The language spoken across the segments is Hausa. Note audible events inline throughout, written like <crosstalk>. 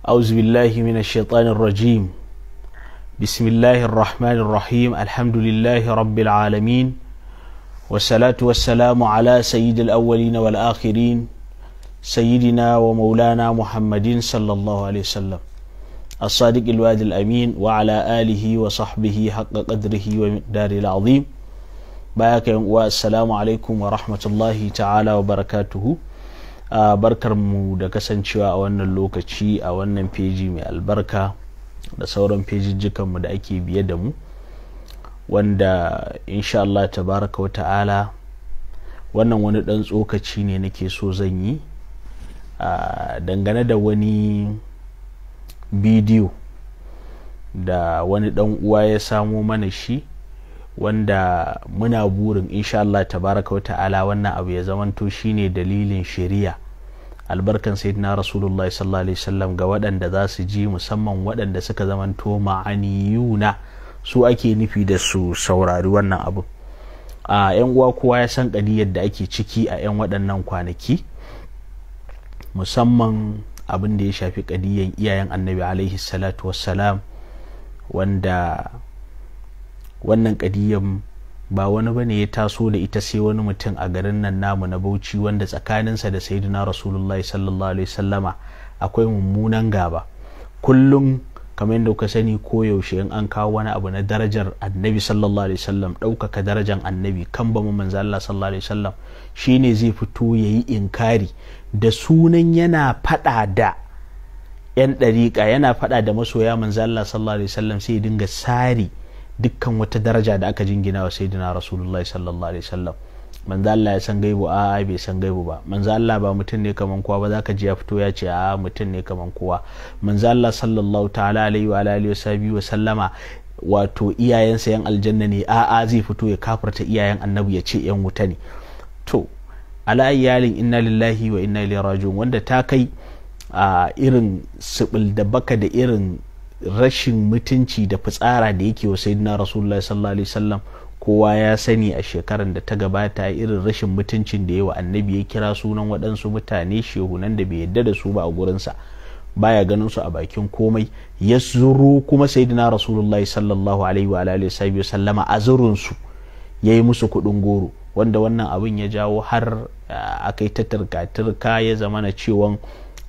أعوذ بالله من الشيطان الرجيم بسم الله الرحمن الرحيم الحمد لله رب العالمين والصلاة والسلام على سيد الأولين والآخرين سيدنا ومولانا محمد صلى الله عليه وسلم الصادق الوعد الأمين وعلى آله وصحبه حق قدره ومقداره العظيم باك والسلام عليكم ورحمة الله تعالى وبركاته Uh, ah, barkarmu da kasancewa a wannan lokaci a wannan feji mai albarka da sauran fejijjikanmu da ake biye da mu wanda insha Allah tabaraka wata'ala wannan wani ɗan tsokaci ne nake so zan yi a ah, dangane da wani bidiyo da wani ɗan uwa ya samo mana shi wanda muna burin insha Allah tabaraka wa ta'ala wannan abu ya zamanto shine dalilin shari'a albarkan sayyidina rasulullah sallallahu alaihi wasallam ga waɗanda za su ji musamman waɗanda suka zamanto ma'aniyuna su ake nufi da su saurari wannan abu a yan uwa kowa ya san kadiyar da ake ciki a yan waɗannan kwanaki musamman abin da ya shafi kadiyar iyayen annabi alaihi salatu wassalam wanda wannan kadiyan ba wani bane ya taso da ita sai wani mutum a garin nan namu na bauchi wanda tsakaninsa da sayyidina rasulullahi sallallahu alaihi sallama akwai mummunan gaba kullum kamar yadda kuka sani ko yaushe in an kawo wani abu na darajar annabi sallallahu alaihi sallam ɗaukaka darajar annabi kan ba mu manzo Allah sallallahu alaihi sallam shine zai fito yayi inkari da sunan yana fada da yan dariƙa yana fada da masoya manzo Allah sallallahu alaihi sallam sai dinga sari dukkan wata daraja da aka jingina wa sayyidina rasulullahi sallallahu alaihi wasallam manzo Allah ya san gaibu a bai san gaibu ba manzo Allah ba mutum ne kaman kowa ba za ka ji ya fito ya ce a mutum ne kaman kowa manzo Allah sallallahu ta'ala alaihi wa alihi wa sallama wato iyayensa yan aljanna ne a a zai fito ya kafarta iyayen annabi ya ce yan wuta ne to ala iyalin inna lillahi wa inna ilaihi raji'un wanda ta kai a irin sibil da baka da irin rashin mutunci da fitsara da yake wa sayyidina rasulullahi sallallahu alaihi wasallam kowa ya sani a shekarar da ta gabata irin rashin mutuncin da yawa annabi ya kira sunan waɗansu mutane shehunan da bai yadda da su ba a gurinsa baya ganin su a bakin komai ya zuru kuma sayyidina rasulullahi sallallahu alaihi wa alihi wa sallama a zurun su yayi musu kuɗin goro wanda wannan abin ya jawo har akai ta turka ya zamana cewa.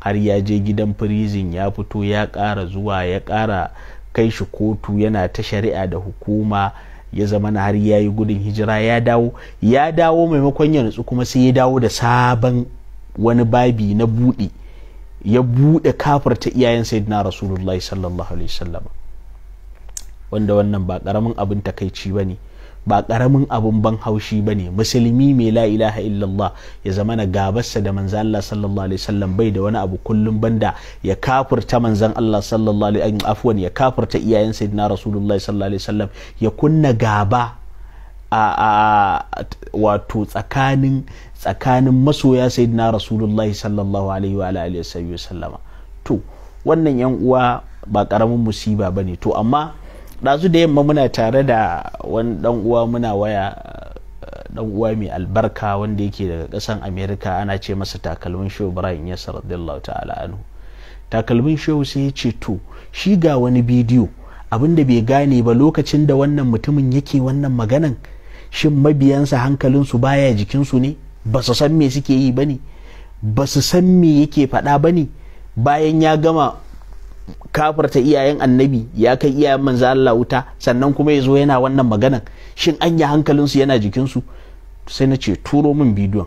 har ya je gidan firizin ya fito ya ƙara zuwa ya ƙara kai shi kotu yana ta shari'a da hukuma ya zama na har ya yi gudun hijira ya dawo ya dawo maimakon ya nutsu kuma sai ya dawo da sabon wani babi na buɗe ya buɗe ta iyayen sayyidina rasulullahi sallallahu alaihi wanda wannan ba ƙaramin abin takaici ba ne ba karamin abun ban haushi ba ne musulmi mai la ilaha illallah ya zama na gabarsa da manzan Allah sallallahu alaihi wasallam bai da wani abu kullum banda ya kafirta manzan Allah sallallahu alaihi afwan ya kafirta iyayen sayyidina rasulullah sallallahu alaihi wasallam ya kunna gaba a wato tsakanin tsakanin masoya sayyidina rasulullah sallallahu alaihi wa alihi wasallama to wannan yan uwa ba karamin musiba bane to amma ɗazu da yamma muna tare da wani ɗan uwa muna waya eh, ɗan uwa mai albarka wanda yake daga ƙasan amerika ana ce masa takalmin shehu ibrahim yasa radiyallahu ta'ala anhu takalmin shehu sai ya ce to shi ga wani bidiyo abin da bai gane ba lokacin da wannan mutumin yake wannan maganan shin mabiyansa hankalinsu baya jikinsu ne ba su san me suke yi ba ne ba su san me yake faɗa ba ne bayan ya gama kafarta iyayen annabi ya kai iyayen manzo Allah wuta sannan kuma ya zo yana wannan maganan shin anya hankalinsu yana jikinsu sai na ce turo min bidiyon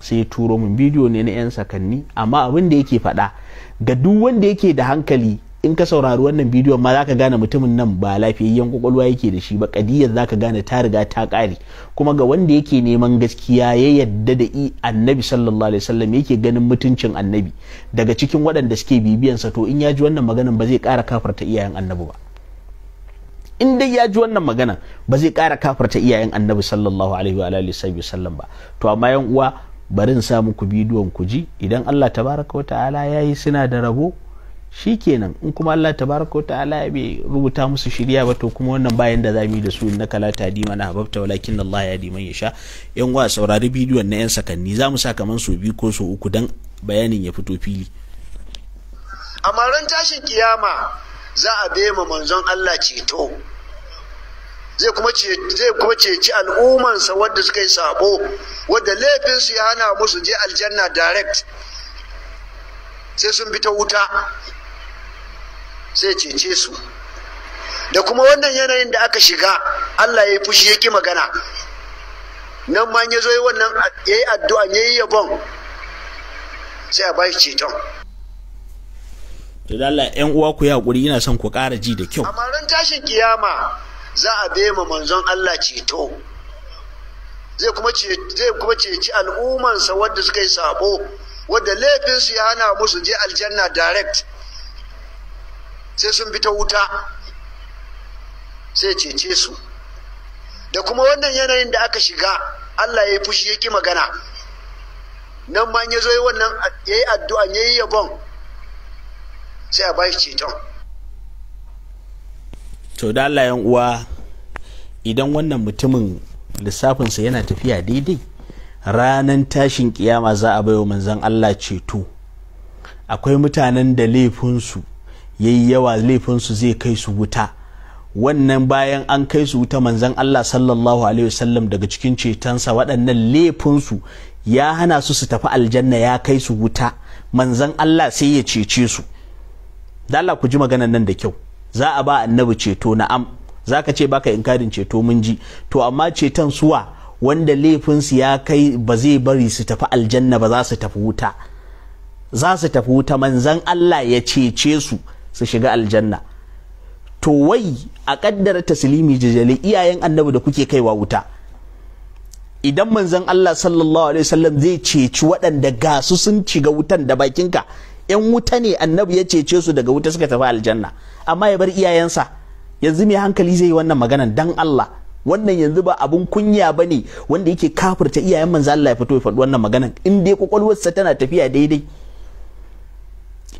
sai turo min bidiyo ne na 'yan sakanni amma abin da yake faɗa ga duk wanda yake da hankali in ka saurari wannan bidiyon ma za ka gane mutumin nan ba lafiyayyen kwakwalwa yake da shi ba kadiyar za ka gane ta riga ta kare kuma ga wanda yake neman gaskiya ya yadda da i annabi sallallahu alaihi wasallam yake ganin mutuncin annabi daga cikin waɗanda suke bibiyansa to in ya ji wannan maganan ba zai ƙara kafarta iyayen annabi ba in dai ya ji wannan magana ba zai ƙara kafarta iyayen annabi sallallahu alaihi wa alihi wasallam ba to amma yan uwa bari in sa muku bidiyon ku ji idan Allah tabaraka wa ta'ala yayi suna da rabo shi kenan in kuma Allah ta tabaraka ta'ala bai rubuta musu shirya ba to kuma wannan bayan da zamu yi da su na kala dima na hababta walakin Allah ya diman ya sha yan wa saurari bidiyon na yan sakanni zamu sa kaman su biyu ko su uku dan bayanin ya fito fili amma ran tashin kiyama za a bai ma manzon Allah ceto zai kuma zai kuma ceci sa wanda suka yi sabo wadda laifinsu ya hana musu je aljanna direct sai sun bi ta wuta sai cece su da kuma wannan yanayin da aka shiga Allah ya yi fushi ya ki magana nan ma ya zo yi wannan ya yi addu'a ya yi yabon sai a bashi ceton to Allah 'yan uwa ku yaƙuri ina son ku ƙara ji da kyau A ran tashin kiyama za a bai ma manzon Allah ceto zai kuma ceci al'ummansa wadda suka yi sabo wadda laifinsu ya hana musu je aljanna direct sai sun bi ta wuta sai cece su da kuma wannan yanayin da aka shiga Allah ya yi fushi ya ki magana nan ma ya zo yi wannan ya yi addu'a ya yi yabon sai a bashi ceton to da Allah uwa idan wannan mutumin lissafinsa yana tafiya daidai ranan tashin kiyama za a baiwa manzon Allah ceto akwai mutanen da laifinsu yayi yawa laifinsu zai kai su wuta wannan bayan an kai su wuta manzan Allah sallallahu alaihi wasallam daga cikin cetonsa waɗannan laifinsu ya hana su su tafi aljanna ya kai su wuta manzan Allah sai ya cece su da Allah ku ji maganan nan da kyau za a ba annabi ceto na'am ka ce baka inkarin ceto mun ji to amma ceton suwa wanda laifinsu ya kai ba zai bari su tafi aljanna ba za su tafi wuta za su tafi wuta manzan Allah ya cece su su shiga aljanna to wai a kaddara taslimi jijali iyayen annabi da kuke kaiwa wuta idan manzon Allah sallallahu alaihi wasallam zai ceci waɗanda gasu su sun shiga wutan da bakinka yan wuta ne annabi ya cece su daga wuta suka tafi aljanna amma ya bar iyayensa yanzu mai hankali zai yi wannan maganan dan Allah wannan yanzu ba abun kunya ba ne wanda yake kafirta iyayen manzo Allah ya fito ya faɗi wannan maganan in dai kwakwalwarsa tana tafiya daidai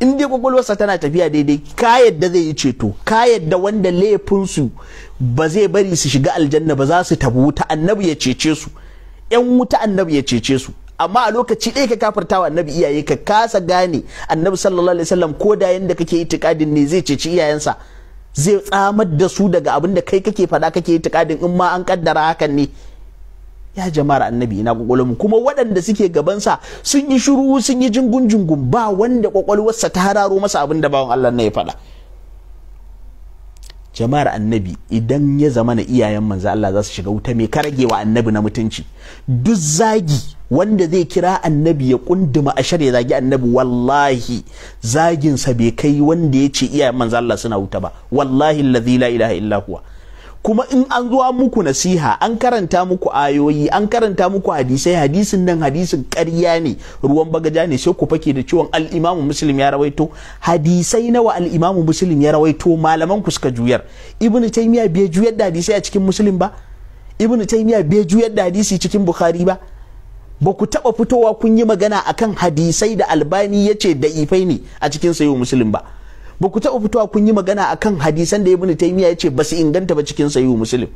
in dai kwakwalwarsa tana tafiya daidai ka yadda zai yi ceto ka yadda wanda laifinsu ba zai bari su shiga aljanna ba za su tabu wuta annabi ya cece su yan wuta annabi ya cece su amma a lokaci ɗaya ka kafarta wa annabi iyaye ka kasa gane annabi sallallahu alaihi wasallam ko da yanda kake itikadin ne zai ceci iyayensa zai tsamar da su daga abin da kai kake faɗa kake itikadin in ma an kaddara hakan ne ya jama'ar annabi ina kwakwalwarmu kuma waɗanda suke gabansa sun yi shiru sun yi jingun jingun ba wanda kwakwalwarsa ta hararo masa abin da bawan Allah na ya faɗa jama'ar annabi idan ya zama na iyayen manzo Allah za su shiga wuta mai karagewa annabi na mutunci duk zagi wanda zai kira annabi ya kunduma a ya zagi annabi wallahi zaginsa bai kai wanda ya ce iyayen manzo Allah suna wuta ba wallahi allazi la ilaha illa huwa kuma in an zuwa muku nasiha an karanta muku ayoyi an karanta muku hadisai hadisin nan hadisin karya ne ruwan bagaja ne sai ku fake da ciwon al'imamu muslim ya rawaito hadisai nawa al'imamu muslim ya rawaito malaman ku suka juyar ibn taymiya bai juyar da hadisai a cikin muslim ba ibn taymiya bai juyar da hadisi cikin bukhari ba ba ku taɓa fitowa kun yi magana akan hadisai da albani ya ce da ifai ne a cikin sayo muslim ba ba ku taɓa fitowa kun yi magana akan hadisan da ibnu taymiya yace ba su inganta ba cikin sahihu muslim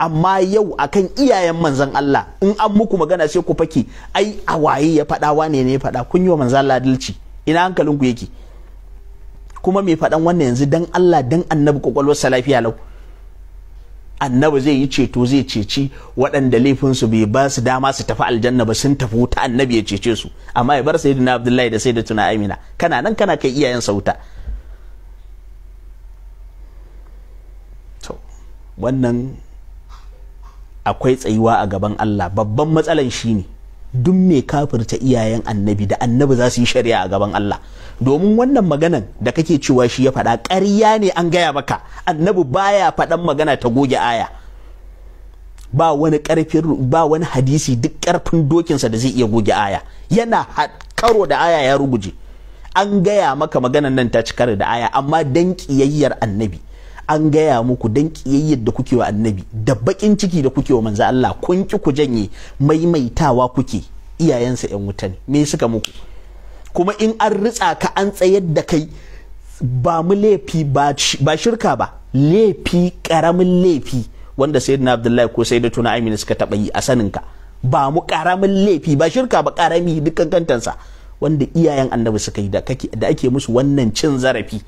amma yau akan iyayen manzan Allah in an muku magana sai ku faki ai a waye ya faɗa wane ne ya faɗa kun yi wa manzon Allah adalci ina hankalin ku yake kuma mai faɗan wannan yanzu dan Allah dan annabi kwakwalwar sa lafiya lau annabi zai yi ceto zai ceci waɗanda laifinsu bai ba su dama su tafi aljanna ba sun tafi wuta annabi ya cece su amma ya bar sayyidina abdullahi da sayyidatuna amina kana nan kana kai iyayen sa wuta wannan akwai tsayuwa a gaban Allah babban matsalan shi ne duk mai kafirta iyayen annabi da annabi za su yi shari'a a gaban Allah domin wannan maganan da kake cewa shi ya faɗa ƙarya ne an gaya maka annabi baya faɗan magana ta goge aya ba wani ƙarfin ba wani hadisi duk ƙarfin dokinsa da zai iya goge aya yana karo da aya ya ruguje an gaya maka maganan nan ta ci da aya amma dan ƙiyayyar annabi an gaya muku don kiyayyar da kuke wa annabi da bakin ciki da kuke wa manzo Allah kun ki ku janye maimaitawa kuke iyayensa yan wuta ne me suka muku kuma in an ritsa ka an tsayar da kai ba mu laifi ba shirka ba laifi karamin laifi wanda sayyidina abdullahi ko sayyidatuna amina suka taba yi a sanin ka ba mu karamin laifi ba shirka ba karami dukkan kantansa wanda iyayen annabi suka yi da ake musu wannan cin zarafi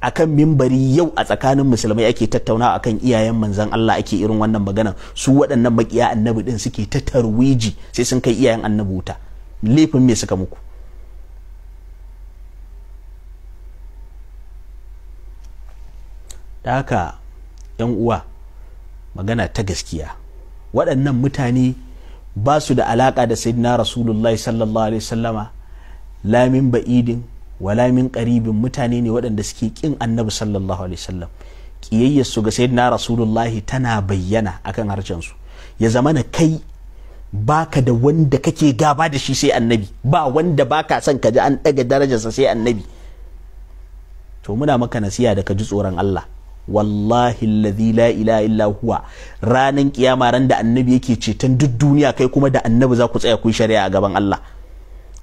akan mimbari yau a tsakanin musulmai ake tattauna akan iyayen manzan Allah ake irin wannan magana su waɗannan makiya annabi din suke ta tarwiji sai sun kai iyayen annabi wuta laifin me suka muku da yan uwa magana ta gaskiya waɗannan mutane ba su da alaka da sayyidina rasulullahi sallallahu alaihi wasallama lamin ba'idin wala min karibin mutane ne waɗanda suke ƙin annabi sallallahu alaihi wasallam ƙiyayyar su ga sayyidina rasulullahi tana bayyana akan harcen su ya na kai baka da wanda kake gaba da shi sai annabi ba wanda baka son ka ji an ɗaga darajarsa sai annabi to muna maka nasiya da ka ji tsoron Allah wallahi alladhi la ilaha illa huwa ranan kiyama ran da annabi yake ceton duk duniya kai kuma da annabi za ku tsaya ku shari'a a gaban Allah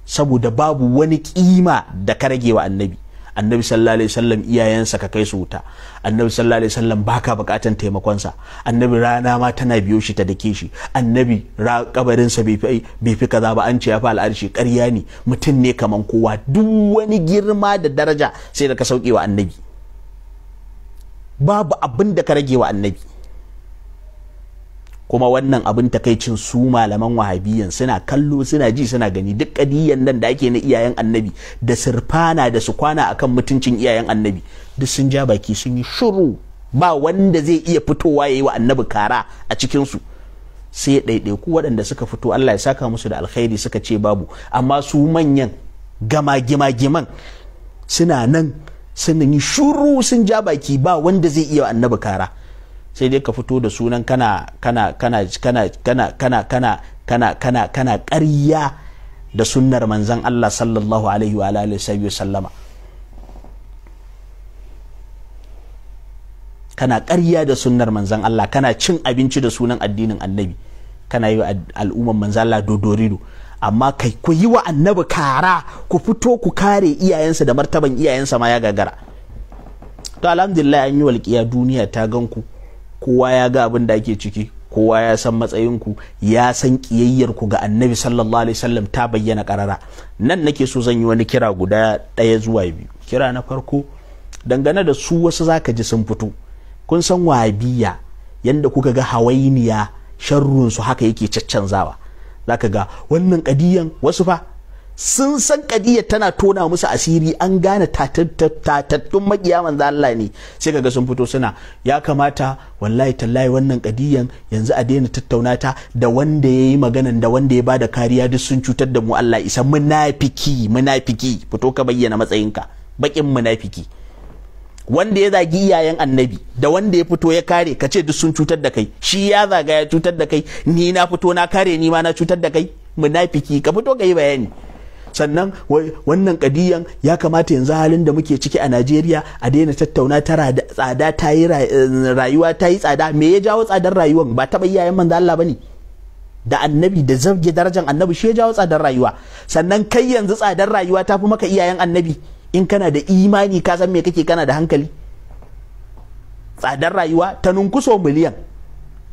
saboda babu wani kima da ka rage wa annabi annabi sallallahu alaihi wasallam iyayensa ka kai su wuta annabi sallallahu alaihi wasallam baka bukatan taimakonsa annabi rana ma tana biyo shi ta dake shi annabi ra kabarinsa bai fi kaza ba an ce ya fi al'arshi ƙarya ne mutum ne kaman kowa duk wani girma da daraja sai da ka sauke wa annabi babu abin da ka rage wa annabi kuma wannan abin takaicin su malaman wahabiyan suna kallo suna ji suna gani duk kadiyan nan da ake na iyayen annabi da sirfana da su kwana akan mutuncin iyayen annabi duk sun ja baki sun yi shuru ba wanda zai iya fitowa yayi wa annabi kara a cikin su sai ɗaiɗaiku waɗanda suka fito Allah ya saka musu da alkhairi suka ce babu amma su manyan gama gima giman suna nan sun yi shuru sun ja baki ba wanda zai iya wa annabi kara sai dai ka fito da sunan kana kana kana kana kana kana kana kana kana kana ƙarya da sunnar manzan Allah sallallahu alaihi wa alihi wa sallama kana ƙarya da sunnar manzan Allah kana cin abinci da sunan addinin annabi kana yi wa al'umman manzan Allah dodorido amma kai ku yi wa annabi kara ku fito ku kare iyayensa da martaban iyayensa ma ya gagara to alhamdulillah an yi walƙiya duniya ta gan ku kowa ya ga abin da ake ciki kowa ya san matsayinku ya san ƙiyayyarku ga annabi sallallahu alaihi wasallam ta bayyana karara nan nake so zan yi wani kira guda ɗaya zuwa biyu kira na farko dangane da su wasu zaka ji sun fito kun san wabiya yanda kuka ga hawainiya sharrunsu haka yake caccanzawa zaka ga wannan kadiyan wasu fa sun san kadiyar tana tona musu asiri an gane tatattun makiya manzo Allah ne sai kaga sun fito suna ya kamata wallahi tallahi wannan kadiyan yanzu a daina tattauna ta da wanda ya yi maganan da wanda ya bada kariya duk sun cutar da mu Allah isa munafiki munafiki fito ka bayyana matsayinka bakin munafiki wanda ya zagi iyayen annabi da wanda ya fito ya kare ka ce duk sun cutar da kai shi ya zaga ya cutar da kai ni na fito na kare ni ma na cutar da kai munafiki ka fito ka yi bayani sannan wannan kadiyan ya kamata yanzu halin da muke ciki a najeriya a daina tattauna ta tsada ta yi rayuwa ta yi tsada me ya jawo tsadar rayuwan ba taɓa iyayen manzo Allah bane da annabi da zabge darajar annabi shi ya jawo tsadar rayuwa sannan kai yanzu tsadar rayuwa ta fi maka iyayen annabi in kana da imani ka san me kake kana da hankali tsadar rayuwa ta nunkuso miliyan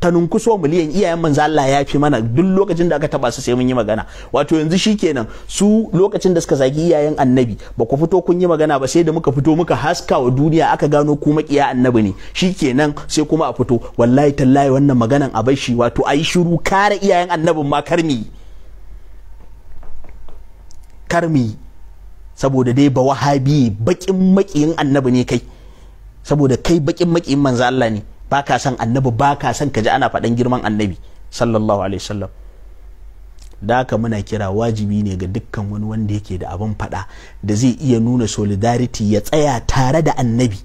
ta nunkuso miliyan iyayen manzo Allah ya fi mana duk lokacin da aka taba su sai mun yi magana wato yanzu shikenan su lokacin da suka zagi iyayen annabi ba ku fito kun yi magana ba sai da muka fito muka haska wa duniya aka gano ku makiya annabi ne shikenan sai kuma a fito wallahi tallahi wannan maganan a bar shi wato ayi shiru kare iyayen annabin ma karmi karmi saboda dai ba wahabi bakin makiyin annabi ne kai saboda kai bakin makiyin manzo Allah ne baka san annabi baka san ka ji ana faɗan girman annabi sallallahu alaihi wasallam da haka muna kira wajibi ne ga dukkan wani wanda yake da abin faɗa da zai iya nuna solidarity ya tsaya tare da annabi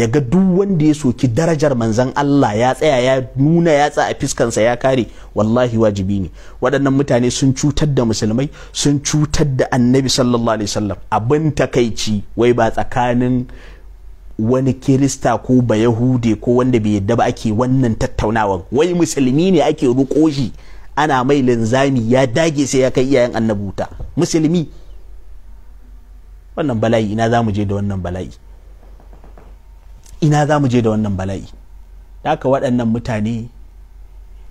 ya ga duk wanda ya soki darajar manzan Allah ya tsaya ya nuna yatsa a fiskansa ya kare wallahi wajibi ne waɗannan mutane sun cutar da musulmai sun cutar da annabi sallallahu alaihi wasallam abin takaici wai ba tsakanin wani kirista ko ba yahude ko wanda bai yadda ba ake wannan tattaunawan wai musulmi ne ake ruko shi ana mai linzami ya dage sai ya kai iyayen annabuta musulmi wannan bala'i ina za mu je da wannan bala'i ina za mu je da wannan bala'i haka waɗannan mutane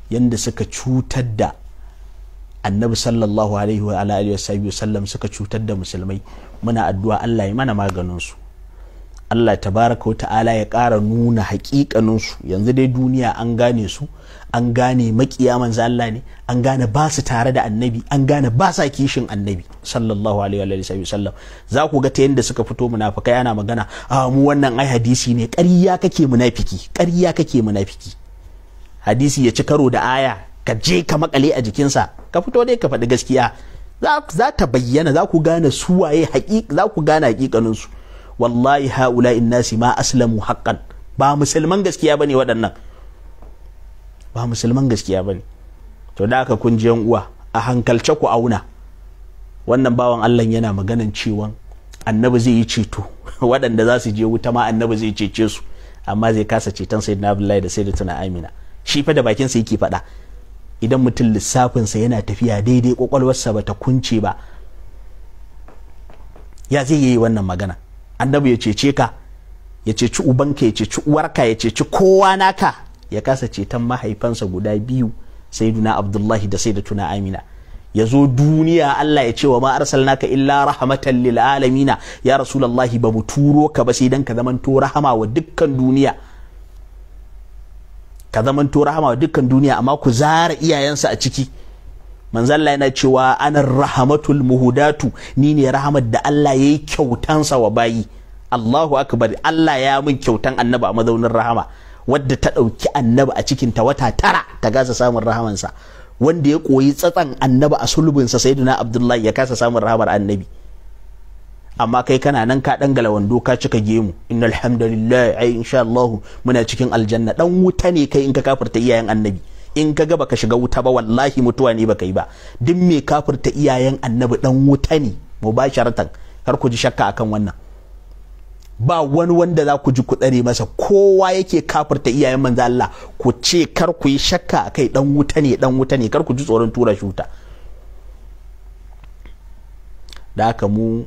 yadda suka cutar da annabi sallallahu alaihi wa alihi wa sallam suka cutar da musulmai muna addu'a Allah ya mana maganinsu Allah tabaraka wa ta'ala ya ƙara nuna haƙiƙaninsu yanzu dai duniya an gane su an gane makiya manzo Allah ne an gane ba su tare da annabi an gane ba sa kishin annabi sallallahu alaihi wa sallam za ku ga ta yadda suka fito munafikai ana magana a mu wannan ai hadisi ne ƙarya kake munafiki ƙarya kake munafiki hadisi ya ci karo da aya ka je ka makale a jikinsa ka fito dai ka faɗi gaskiya za ta bayyana za ku gane suwaye za ku gane hakikaninsu wallahi haula'in nasi ma aslamu haqqan ba musulman gaskiya bane waɗannan ba musulman gaskiya bane to da aka kun yan uwa a hankalce ku auna wannan bawan Allah yana maganan cewa annabi zai yi ceto <laughs> waɗanda za su je wuta ma annabi zai cece su amma zai kasa ceton sayyidina Abdullahi da sayyidatuna Amina shi fa da bakin sa yake faɗa idan mutum lissafinsa yana tafiya daidai kwakwalwarsa bata kunce ba ya zai yi wannan magana annabi ya cece ka ya ceci ubanka ya ceci uwarka ya ceci kowa naka ya kasa ceton mahaifansa guda biyu sayyiduna abdullahi da tuna amina ya zo duniya Allah ya ce wa ma naka illa rahmatan lil alamina ya rasulullahi ba mu turo ka ba sai dan ka zamanto rahama wa dukkan duniya ka zamanto rahama wa dukkan duniya amma ku zara iyayensa a ciki manzalla yana cewa ana rahamatul muhudatu ni ne rahamar da Allah ya yi kyautansa wa bayi Allahu akbar Allah ya min kyautan annaba a mazaunin rahama wadda ta ɗauki annaba a cikin ta wata tara ta gasa samun rahamansa wanda ya koyi tsatsan annaba a sa sayyidina abdullahi ya kasa samun rahamar annabi amma kai kana nan ka dan galawando ka cika gemu inna hamdalillah ai insha Allah muna cikin aljanna dan wuta ne kai in ka kafirta iyayen annabi in ka ga baka shiga wuta ba wallahi mutuwa ne baka yi ba duk me kafirta iyayen annabi dan wuta ne mubasharatan kar ku ji shakka akan wannan ba wani wanda za ku ji ku dare masa kowa yake kafirta iyayen manzo Allah ku ce kar ku yi shakka akai dan wuta ne dan wuta ne kar ku ji tsoron tura shuta da haka mu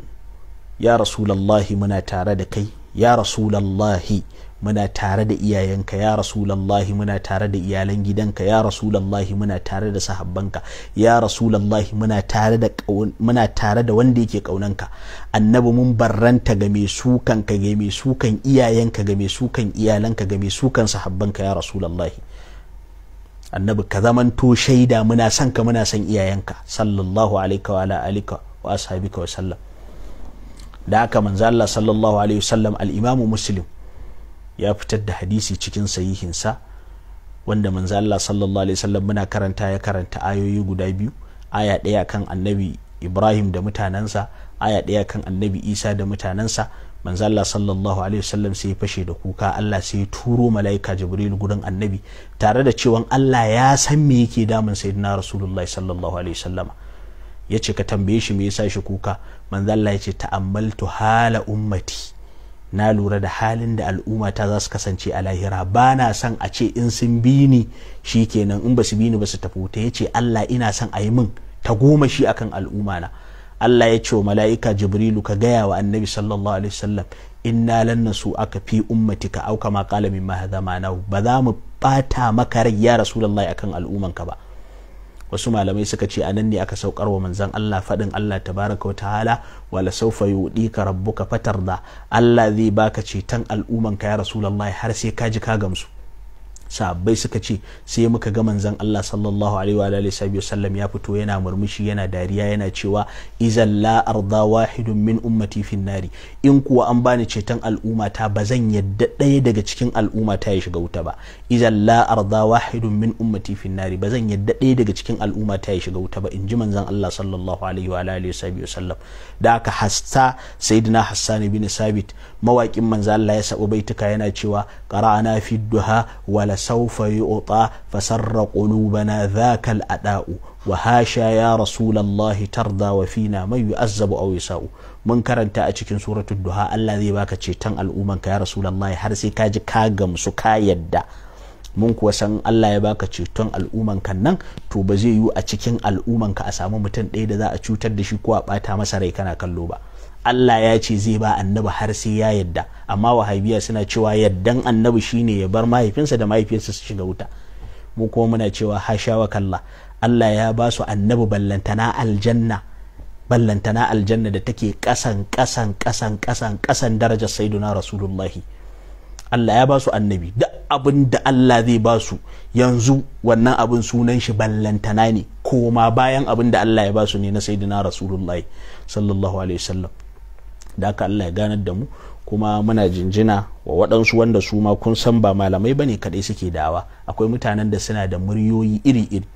ya rasulullahi muna tare da kai ya rasulallahi muna tare da iyayenka ya rasulallahi muna tare da iyalan gidanka ya rasulallahi muna tare da sahabbanka ya rasulallahi muna tare da muna tare da wanda yake kaunanka annabi mun barranta ga mai sukan ka ga mai sukan iyayenka ga mai sukan iyalanka ga mai sukan sahabbanka ya rasulallahi annabi ka zamanto shaida muna son ka muna son iyayenka sallallahu alaihi wa ala alika wa ashabika wa sallam da haka manzo Allah sallallahu alaihi wasallam al-imamu muslim ya fitar da hadisi cikin sahihinsa wanda manzo Allah sallallahu alaihi wasallam muna karanta ya karanta ayoyi guda biyu aya ɗaya kan annabi Ibrahim da mutanensa aya ɗaya kan annabi Isa da mutanensa manzo Allah sallallahu alaihi wasallam sai ya fashe da kuka Allah sai ya turo malaika Jibril gurin annabi tare da cewa Allah ya san me yake damun sayyidina Rasulullahi sallallahu alaihi yace ka tambaye shi me yasa shi kuka manzo Allah yace ta'ammaltu hala ummati na lura da halin da al'umma ta za su kasance a lahira ba na son a ce in sun bi ni shi kenan in ba su bi ni ba su tafi ta ya ce Allah ina son a yi min ta goma shi akan al'umma na Allah ya ce wa mala'ika Jibrilu ka gaya wa annabi sallallahu alaihi wasallam inna lan nasu aka fi ka auka ma qala mimma hadha ba za mu bata maka rai ya rasulullahi akan al'umman ka ba wasu malamai suka ce anan ne aka saukar wa manzon Allah faɗin Allah tabaraka wa ta'ala wala rabu ka rabbuka fatarda Allah zai baka ceton ka ya rasulullahi har sai ka ji ka gamsu sahabbai suka ce sai muka ga manzan Allah sallallahu alaihi wa alihi wasallam ya fito yana murmushi yana dariya yana cewa izal la arda wahidun min ummati fin nari in kuwa an bani ceton al'ummata ta ba zan yadda ɗaya daga cikin al'umma ya shiga wuta ba izal la arda wahidun min ummati fin nari ba zan yadda ɗaya daga cikin al'umma ta ya shiga wuta ba inji ji manzon Allah sallallahu alaihi wa alihi wasallam da aka hasta sayyidina Hassan bin Sabit mawaƙin manzon Allah ya saba baituka yana cewa qara'ana fi duha wala فسوف يعطى فسر قلوبنا ذاك الأداء وهاشا يا رسول الله ترضى وفينا من يؤذب أو يساء mun karanta a cikin الدهاء duha Allah zai baka ceton رسول الله ya rasulallah har sai ka ka gamsu ka mun kuwa san Allah ya baka ceton al'umman kan nan to ba zai yiwu a cikin al'umman ka a samu mutum ɗaya da za a cutar da shi ko a ɓata masa rai kana kallo ba Allah ya ce zai ba annabi har sai ya yadda amma wahabiya suna cewa yaddan annabi shine ya bar mahaifinsa da mahaifiyarsa su shiga wuta mu kuma muna cewa hasha wa kalla Allah ya ba su annabi ballantana aljanna ballantana aljanna da take kasan kasan kasan kasan kasan darajar sayyiduna rasulullahi Allah ya ba su annabi duk abin da Allah zai ba su yanzu wannan abin sunan shi ballantana ne koma bayan abin da Allah ya ba su ne na sayyidina rasulullahi sallallahu alaihi wasallam da aka Allah ya ganar da mu kuma muna jinjina wa waɗansu wanda su ma kun san ba malamai bane kaɗai suke dawa akwai mutanen da suna da muryoyi iri-iri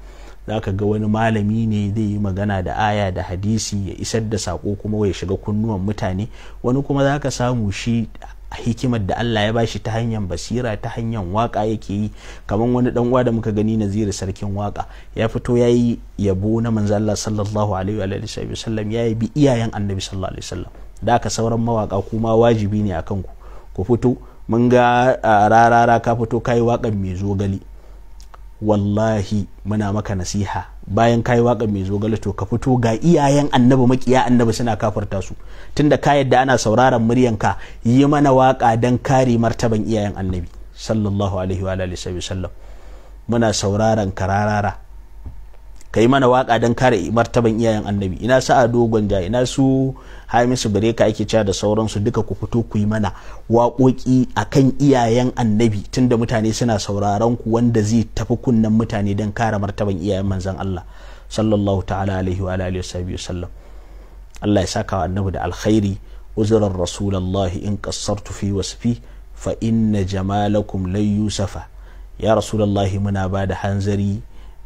za ka ga wani malami ne zai yi magana da aya da hadisi ya isar da sako kuma ya shiga kunnuwan mutane wani kuma za ka samu shi a hikimar da Allah ya bashi ta hanyar basira ta hanyar waka yake yi kamar wani dan uwa da muka gani naziri sarkin waka ya fito ya yi yabo na manzo sallallahu alaihi wa sallam ya bi iyayen annabi sallallahu alaihi wa sallam. da aka sauran mawaka kuma wajibi ne a kanku ku fito mun ga rarara ka fito kai waƙan mai zogali wallahi muna maka nasiha bayan kai waƙar mai zogali to ka fito ga iyayen annabi makiya annabi suna kafarta su tunda ka yadda ana sauraron ka yi mana waƙa don kare martaban iyayen annabi sallallahu alaihi wa alihi muna sauraron ka rarara ka yi mana waka don kare martaban iyayen annabi ina su ado gwanja ina su hamisu bareka ake cewa da sauransu duka ku fito ku yi mana waƙoƙi akan iyayen annabi tunda mutane suna sauraron ku wanda zai tafi kunnen mutane don kare martaban iyayen manzan Allah sallallahu ta'ala alaihi wa alihi wasallam Allah ya saka wa annabi da alkhairi uzurar rasulallahi in qassartu fi wasfi fa inna jamalakum lan yusafa ya rasulallahi muna ba da hanzari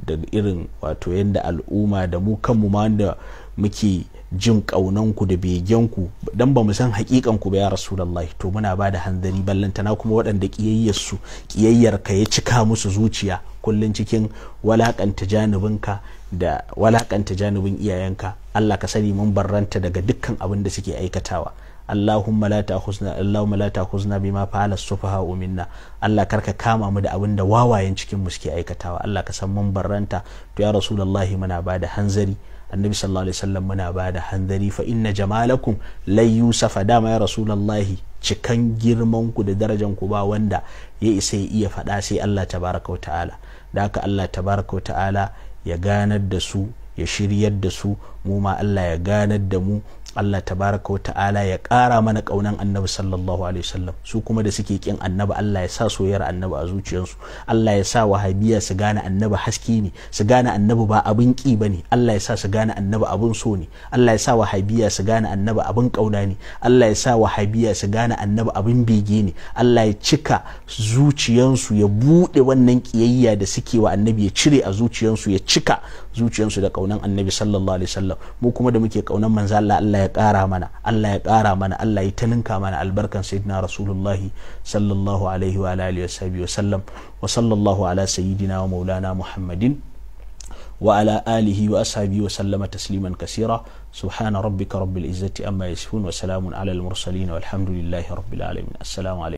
daga irin wato yadda al'umma da mu kanmu ma wanda muke jin ƙaunanku da begenku dan ba mu san ku ba ya rasulullah to muna ba da hanzari ballantana kuma waɗanda ƙiyayyarsu ƙiyayyar ka ya cika musu zuciya kullum cikin walakanta janibinka da walaƙanta janibin iyayenka Allah ka sani mun barranta daga dukkan abin da suke aikatawa Allahumma la ta'khuzna Allahumma la ta'khuzna bima fa'ala sufaha minna Allah karka kama mu da abin da wawayen cikin mu suke aikatawa Allah ka san mun barranta to ya rasulullahi muna bada hanzari annabi sallallahu alaihi wasallam muna bada hanzari fa inna jamalakum la yusafa dama ya rasulallahi cikan girman ku da darajan ku ba wanda ya isa ya iya faɗa sai Allah tabaraka wa ta'ala da haka Allah tabaraka wa ta'ala ya ganar da su ya shiryar da su mu ma Allah ya ganar da mu Allah tabaraka wa ta'ala ya ƙara mana ƙaunan annabi sallallahu alaihi wasallam su kuma da suke kin annabi Allah ya sa soyayyar annabi a zuciyarsu Allah ya sa wahabiya su gane annabi haske ne su gane annabi ba abin ki bane Allah ya sa su gane annabi abin so ne Allah ya sa wahabiya su gane annabi abin ƙauna ne Allah ya sa wahabiya su gane annabi abin bege ne Allah ya cika zuciyarsu ya bude wannan kiyayya da suke wa annabi ya cire a zuciyarsu ya cika zuciyarsu da ƙaunan annabi sallallahu alaihi wasallam mu kuma da muke ƙaunan manzo Allah ya ƙara mana Allah ya ƙara mana Allah ya ta ninka mana albarkan sayyidina rasulullah sallallahu alaihi wa alihi wa sallam wa sallallahu ala sayyidina wa maulana muhammadin wa ala alihi wa ashabihi wa sallama tasliman kaseera subhana rabbika rabbil izzati amma yasifun wa salamun ala al mursalin walhamdulillahi rabbil